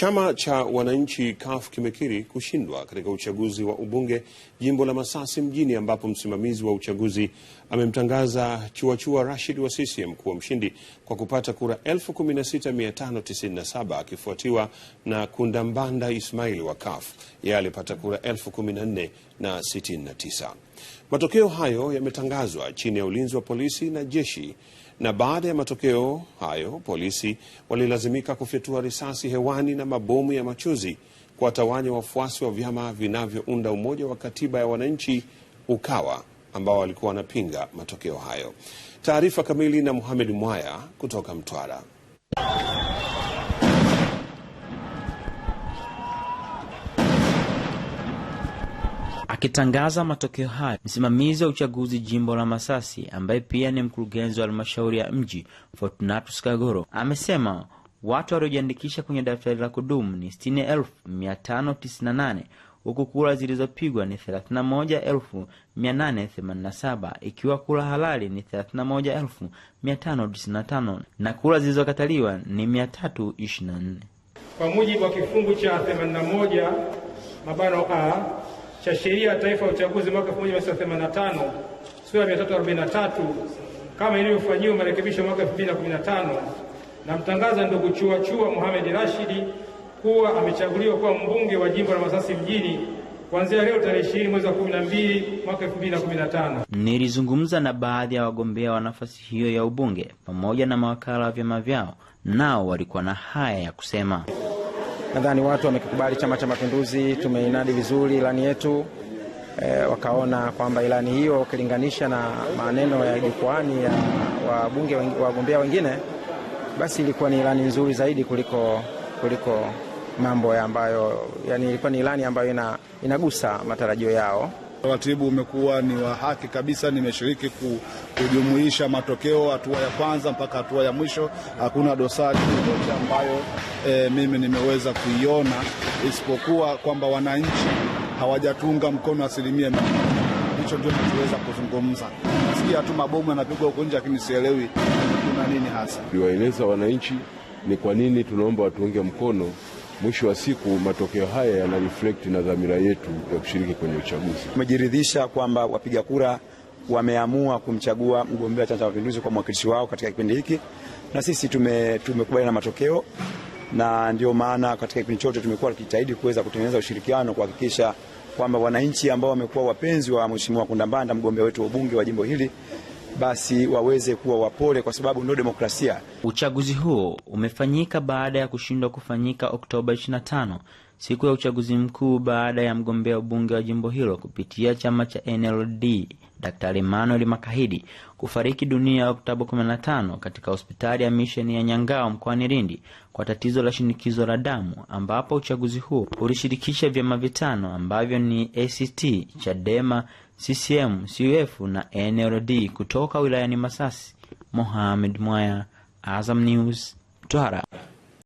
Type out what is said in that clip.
Chama cha wananchi CUF kimekiri kushindwa katika uchaguzi wa ubunge jimbo la Masasi mjini ambapo msimamizi wa uchaguzi amemtangaza Chuachua Rashid wa CCM kuwa mshindi kwa kupata kura 16597 akifuatiwa na Kundambanda Ismail wa CUF, yeye alipata kura 14069. Matokeo hayo yametangazwa chini ya ulinzi wa polisi na jeshi na baada ya matokeo hayo polisi walilazimika kufyatua risasi hewani na mabomu ya machozi kuwatawanya wafuasi wa vyama vinavyounda Umoja wa Katiba ya Wananchi UKAWA ambao walikuwa wanapinga matokeo hayo. Taarifa kamili na Muhamed Mwaya kutoka Mtwara. Akitangaza matokeo hayo, msimamizi wa uchaguzi jimbo la Masasi ambaye pia ni mkurugenzi wa halmashauri ya mji Fortunatus Kagoro amesema watu waliojiandikisha kwenye daftari la kudumu ni 60,598 huku kura zilizopigwa ni 31,887 ikiwa kura halali ni 31,595 na kura zilizokataliwa ni 324 kwa mujibu wa kifungu cha 81 mabano a cha sheria ya taifa ya uchaguzi mwaka 1985 sura ya 343 kama ilivyofanyiwa marekebisho mwaka 2015 namtangaza ndugu Chuachua Mohamed Rashidi kuwa amechaguliwa kuwa mbunge wa jimbo la Masasi mjini kuanzia leo tarehe 20 mwezi wa 12 mwaka 2015. Nilizungumza na baadhi ya wagombea wa nafasi hiyo ya ubunge pamoja na mawakala wa vyama vyao, nao walikuwa na haya ya kusema nadhani watu wamekikubali Chama cha Mapinduzi, tumeinadi vizuri ilani yetu e, wakaona kwamba ilani hiyo ukilinganisha na maneno ya jukwani ya wabunge wagombea wengine, basi ilikuwa ni ilani nzuri zaidi kuliko, kuliko mambo ya ambayo yani, ilikuwa ni ilani ambayo ina, inagusa matarajio yao. Utaratibu umekuwa ni wa haki kabisa. Nimeshiriki kujumuisha matokeo hatua ya kwanza mpaka hatua ya mwisho. Hakuna dosari yoyote ambayo e, mimi nimeweza kuiona, isipokuwa kwamba wananchi hawajatunga mkono asilimia mia Hicho ndio tuweza kuzungumza. Nasikia tu mabomu yanapigwa huko nje, lakini sielewi kuna nini hasa. Niwaeleza wananchi ni kwa nini tunaomba watuunge mkono mwisho wa siku matokeo haya reflect na dhamira yetu ya kushiriki kwenye uchaguzi. Tumejiridhisha kwamba wapiga kura wameamua kumchagua mgombea wa Chama cha Mapinduzi kwa mwakilishi wao katika kipindi hiki, na sisi tumekubaliana tume na matokeo, na ndio maana katika kipindi chote tumekuwa tukijitahidi kuweza kutengeneza ushirikiano kuhakikisha kwamba wananchi ambao wamekuwa wapenzi wa Mheshimiwa Kundambanda mgombea wetu wa ubunge wa jimbo hili basi waweze kuwa wapole, kwa sababu ndio demokrasia. Uchaguzi huo umefanyika baada ya kushindwa kufanyika Oktoba 25 siku ya uchaguzi mkuu, baada ya mgombea ubunge wa jimbo hilo kupitia chama cha NLD Dr. Emmanuel Makahidi kufariki dunia Oktoba 15 katika hospitali ya misheni ya Nyangao mkoani Lindi kwa tatizo la shinikizo la damu, ambapo uchaguzi huo ulishirikisha vyama vitano ambavyo ni ACT, Chadema, CCM, CUF na NLD kutoka wilayani Masasi. Mohamed Mwaya, Azam News, twara